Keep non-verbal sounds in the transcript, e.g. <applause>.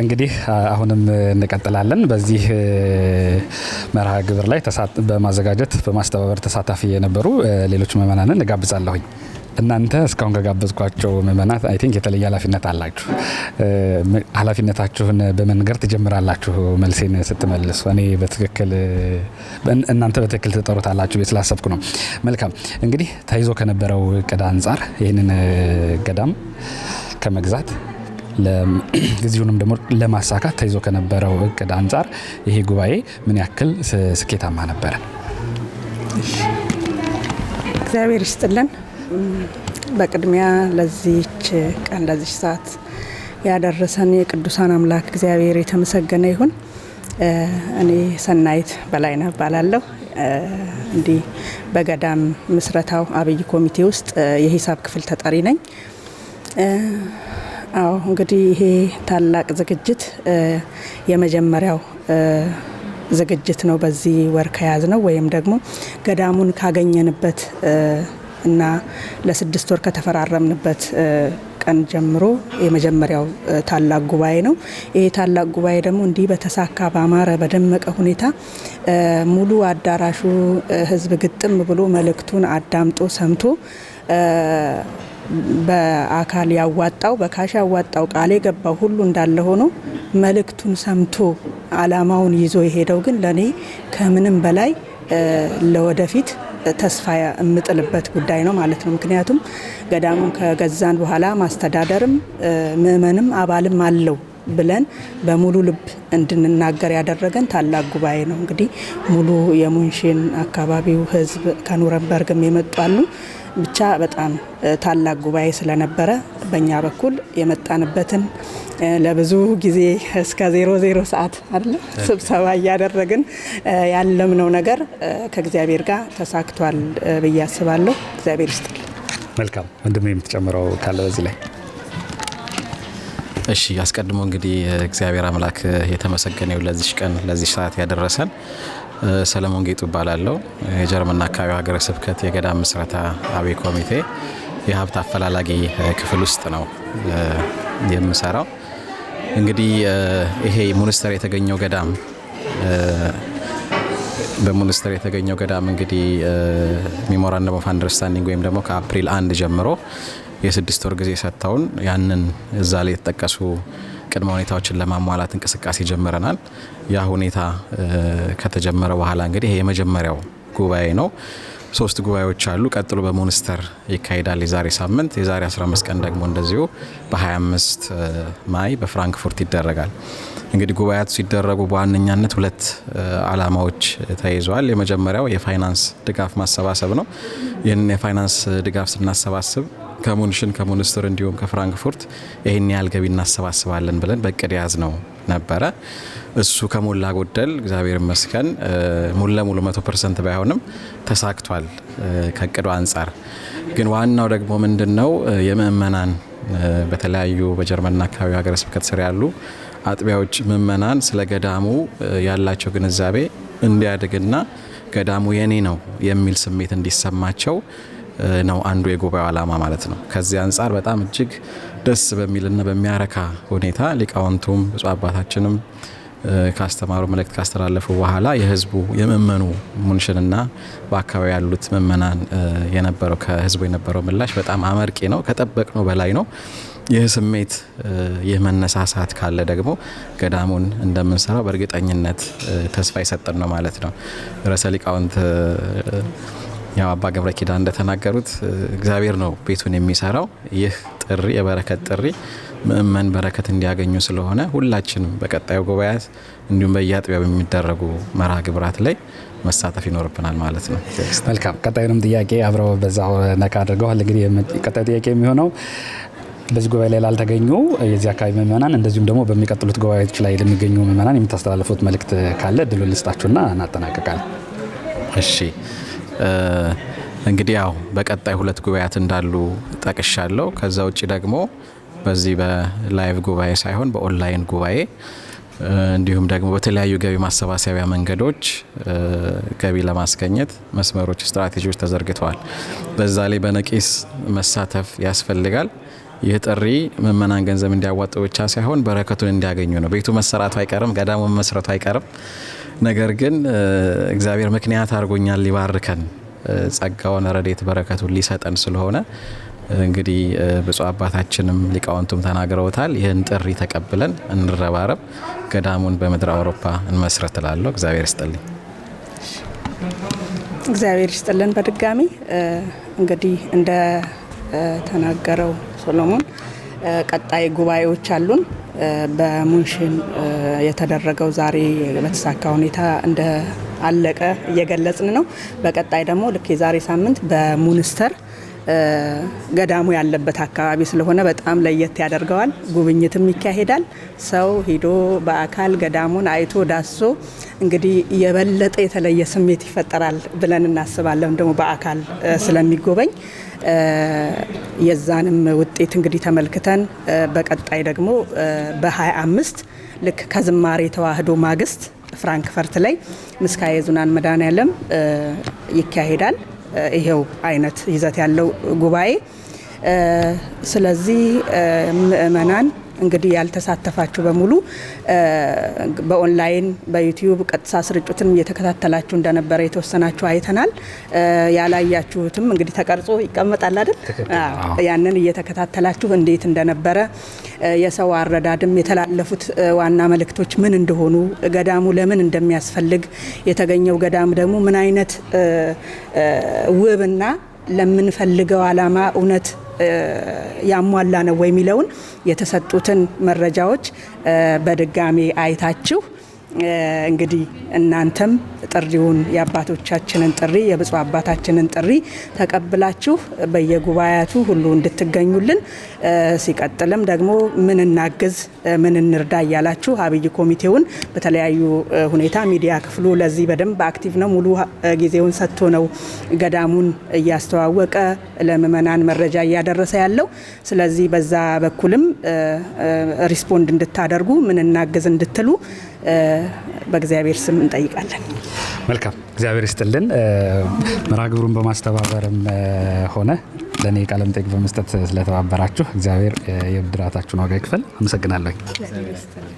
እንግዲህ አሁንም እንቀጥላለን። በዚህ መርሃ ግብር ላይ በማዘጋጀት በማስተባበር ተሳታፊ የነበሩ ሌሎች ምዕመናንን እጋብዛለሁኝ። እናንተ እስካሁን ከጋበዝኳቸው ምእመናት አይ ቲንክ የተለየ ኃላፊነት አላችሁ። ኃላፊነታችሁን በመንገር ትጀምራላችሁ። መልሴን ስትመልሱ እኔ በትክክል እናንተ በትክክል ትጠሩታላችሁ ቤት ስላሰብኩ ነው። መልካም እንግዲህ ተይዞ ከነበረው እቅድ አንጻር ይህንን ገዳም ከመግዛት ጊዜውንም <clears throat> ደግሞ ለማሳካት ተይዞ ከነበረው እቅድ አንጻር ይሄ ጉባኤ ምን ያክል ስኬታማ ነበረ? እግዚአብሔር ይስጥልን። በቅድሚያ ለዚች ቀን ለዚች ሰዓት ያደረሰን የቅዱሳን አምላክ እግዚአብሔር የተመሰገነ ይሁን። እኔ ሰናይት በላይነህ እባላለሁ። እንዲህ በገዳም ምስረታው አብይ ኮሚቴ ውስጥ የሂሳብ ክፍል ተጠሪ ነኝ። አዎ እንግዲህ ይሄ ታላቅ ዝግጅት የመጀመሪያው ዝግጅት ነው። በዚህ ወር ከያዝ ነው ወይም ደግሞ ገዳሙን ካገኘንበት እና ለስድስት ወር ከተፈራረምንበት ቀን ጀምሮ የመጀመሪያው ታላቅ ጉባኤ ነው። ይህ ታላቅ ጉባኤ ደግሞ እንዲህ በተሳካ በአማረ በደመቀ ሁኔታ ሙሉ አዳራሹ ሕዝብ ግጥም ብሎ መልእክቱን አዳምጦ ሰምቶ በአካል ያዋጣው በካሽ ያዋጣው ቃል የገባው ሁሉ እንዳለ ሆኖ መልእክቱን ሰምቶ አላማውን ይዞ የሄደው ግን ለእኔ ከምንም በላይ ለወደፊት ተስፋ የምጥልበት ጉዳይ ነው ማለት ነው። ምክንያቱም ገዳሙን ከገዛን በኋላ ማስተዳደርም ምእመንም አባልም አለው ብለን በሙሉ ልብ እንድንናገር ያደረገን ታላቅ ጉባኤ ነው። እንግዲህ ሙሉ የሙንሽን አካባቢው ህዝብ ከኑረንበርግም የመጡ አሉ። ብቻ በጣም ታላቅ ጉባኤ ስለነበረ በእኛ በኩል የመጣንበትን ለብዙ ጊዜ እስከ ዜሮ ዜሮ ሰዓት አለ ስብሰባ እያደረግን ያለምነው ነገር ከእግዚአብሔር ጋር ተሳክቷል ብዬ አስባለሁ። እግዚአብሔር ይስጥል። መልካም ወንድም የምትጨምረው ካለ በዚህ ላይ እሺ አስቀድሞ እንግዲህ እግዚአብሔር አምላክ የተመሰገነ ለዚሽ ቀን ለዚህ ሰዓት ያደረሰን። ሰለሞን ጌጡ እባላለሁ። የጀርመንና አካባቢ ሀገረ ስብከት የገዳም ምስረታ አብይ ኮሚቴ የሀብት አፈላላጊ ክፍል ውስጥ ነው የምሰራው። እንግዲህ ይሄ ሙኒስተር የተገኘው ገዳም በሙኒስተር የተገኘው ገዳም እንግዲህ ሜሞራንደም ኦፍ አንደርስታንዲንግ ወይም ደግሞ ከአፕሪል አንድ ጀምሮ የስድስት ወር ጊዜ ሰጥተውን ያንን እዛ ላይ የተጠቀሱ ቅድመ ሁኔታዎችን ለማሟላት እንቅስቃሴ ጀምረናል። ያ ሁኔታ ከተጀመረ በኋላ እንግዲህ ይሄ የመጀመሪያው ጉባኤ ነው። ሶስት ጉባኤዎች አሉ። ቀጥሎ በሞኒስተር ይካሄዳል የዛሬ ሳምንት። የዛሬ 15 ቀን ደግሞ እንደዚሁ በ25 ማይ በፍራንክፉርት ይደረጋል። እንግዲህ ጉባኤያቱ ሲደረጉ በዋነኛነት ሁለት አላማዎች ተይዘዋል። የመጀመሪያው የፋይናንስ ድጋፍ ማሰባሰብ ነው። ይህንን የፋይናንስ ድጋፍ ስናሰባስብ ከሙንሽን ከሙንስትር እንዲሁም ከፍራንክፉርት ይህን ያህል ገቢ እናሰባስባለን ብለን በቅድ ያዝ ነው ነበረ። እሱ ከሞላ ጎደል እግዚአብሔር ይመስገን ሙሉ ለሙሉ መቶ ፐርሰንት ባይሆንም ተሳክቷል። ከቅዱ አንጻር ግን ዋናው ደግሞ ምንድን ነው የምእመናን በተለያዩ በጀርመንና አካባቢ ሀገረ ስብከት ስር ያሉ አጥቢያዎች ምእመናን ስለ ገዳሙ ያላቸው ግንዛቤ እንዲያድግና ገዳሙ የኔ ነው የሚል ስሜት እንዲሰማቸው ነው አንዱ የጉባኤው ዓላማ ማለት ነው። ከዚህ አንጻር በጣም እጅግ ደስ በሚልና በሚያረካ ሁኔታ ሊቃውንቱም ብፁዕ አባታችንም ካስተማሩ መልእክት ካስተላለፉ በኋላ የህዝቡ የምእመኑ ሙንሽንና በአካባቢ ያሉት ምእመናን የነበረው ከህዝቡ የነበረው ምላሽ በጣም አመርቂ ነው፣ ነው በላይ ነው። ይህ ስሜት ይህ መነሳሳት ካለ ደግሞ ገዳሙን እንደምንሰራው በእርግጠኝነት ተስፋ የሰጠን ነው ማለት ነው። ርዕሰ ሊቃውንት ያው አባ ገብረ ኪዳን እንደተናገሩት እግዚአብሔር ነው ቤቱን የሚሰራው። ይህ ጥሪ የበረከት ጥሪ ምእመን በረከት እንዲያገኙ ስለሆነ ሁላችንም በቀጣዩ ጉባኤ እንዲሁም በየአጥቢያው በሚደረጉ መርሃ ግብራት ላይ መሳተፍ ይኖርብናል ማለት ነው። መልካም። ቀጣዩንም ጥያቄ አብረው በዛው ነካ አድርገዋል። እንግዲህ ቀጣዩ ጥያቄ የሚሆነው በዚህ ጉባኤ ላይ ላልተገኙ የዚህ አካባቢ ምእመናን እንደዚሁም ደግሞ በሚቀጥሉት ጉባኤዎች ላይ ለሚገኙ ምእመናን የምታስተላልፉት መልእክት ካለ ድሉ ልስጣችሁና እናጠናቀቃል። እሺ እንግዲህ ያው በቀጣይ ሁለት ጉባኤያት እንዳሉ ጠቅሻለሁ። ከዛ ውጭ ደግሞ በዚህ በላይቭ ጉባኤ ሳይሆን በኦንላይን ጉባኤ እንዲሁም ደግሞ በተለያዩ ገቢ ማሰባሰቢያ መንገዶች ገቢ ለማስገኘት መስመሮች፣ ስትራቴጂዎች ተዘርግተዋል። በዛ ላይ በነቂስ መሳተፍ ያስፈልጋል። ይህ ጥሪ ምእመናን ገንዘብ እንዲያዋጡ ብቻ ሳይሆን በረከቱን እንዲያገኙ ነው። ቤቱ መሰራቱ አይቀርም፣ ገዳሙ መመስረቱ አይቀርም። ነገር ግን እግዚአብሔር ምክንያት አድርጎኛል ሊባርከን ጸጋውን፣ ረዴት፣ በረከቱን ሊሰጠን ስለሆነ እንግዲህ ብፁዕ አባታችንም ሊቃውንቱም ተናግረውታል። ይህን ጥሪ ተቀብለን እንረባረብ፣ ገዳሙን በምድር አውሮፓ እንመስረት እላለሁ። እግዚአብሔር ይስጥልኝ። እግዚአብሔር ይስጥልን። በድጋሚ እንግዲህ እንደ ተናገረው ሶሎሞን ቀጣይ ጉባኤዎች አሉን። በሙንሽን የተደረገው ዛሬ በተሳካ ሁኔታ እንደ አለቀ እየገለጽን ነው። በቀጣይ ደግሞ ልክ የዛሬ ሳምንት በሙንስተር ገዳሙ ያለበት አካባቢ ስለሆነ በጣም ለየት ያደርገዋል። ጉብኝትም ይካሄዳል። ሰው ሂዶ በአካል ገዳሙን አይቶ ዳሶ እንግዲህ የበለጠ የተለየ ስሜት ይፈጠራል ብለን እናስባለን። ደግሞ በአካል ስለሚጎበኝ የዛንም ውጤት እንግዲህ ተመልክተን በቀጣይ ደግሞ በ25 ልክ ከዝማሬ ተዋህዶ ማግስት ፍራንክፈርት ላይ ምስካየ ኅዙናን መድኃኔዓለም ይካሄዳል። ይሄው አይነት ይዘት ያለው ጉባኤ ስለዚህ ምእመናን እንግዲህ ያልተሳተፋችሁ በሙሉ በኦንላይን በዩቲዩብ ቀጥታ ስርጭቱንም እየተከታተላችሁ እንደነበረ የተወሰናችሁ አይተናል። ያላያችሁትም እንግዲህ ተቀርጾ ይቀመጣል አይደል? ያንን እየተከታተላችሁ እንዴት እንደነበረ የሰው አረዳድም የተላለፉት ዋና መልእክቶች ምን እንደሆኑ ገዳሙ ለምን እንደሚያስፈልግ የተገኘው ገዳም ደግሞ ምን አይነት ውብና ለምንፈልገው ዓላማ እውነት ያሟላ ነው የሚለውን የተሰጡትን መረጃዎች በድጋሚ አይታችሁ እንግዲህ እናንተም ጥሪውን የአባቶቻችንን ጥሪ የብፁዕ አባታችንን ጥሪ ተቀብላችሁ በየጉባኤያቱ ሁሉ እንድትገኙልን፣ ሲቀጥልም ደግሞ ምን እናግዝ፣ ምን እንርዳ እያላችሁ አብይ ኮሚቴውን በተለያዩ ሁኔታ ሚዲያ ክፍሉ ለዚህ በደንብ አክቲቭ ነው። ሙሉ ጊዜውን ሰጥቶ ነው ገዳሙን እያስተዋወቀ ለምእመናን መረጃ እያደረሰ ያለው። ስለዚህ በዛ በኩልም ሪስፖንድ እንድታደርጉ ምን እናግዝ እንድትሉ በእግዚአብሔር ስም እንጠይቃለን። መልካም እግዚአብሔር ይስጥልን። መርሃ ግብሩን በማስተባበርም ሆነ ለእኔ ቃለ መጠይቅ በመስጠት ስለተባበራችሁ እግዚአብሔር የብድራታችሁን ዋጋ ይክፈል። አመሰግናለሁ።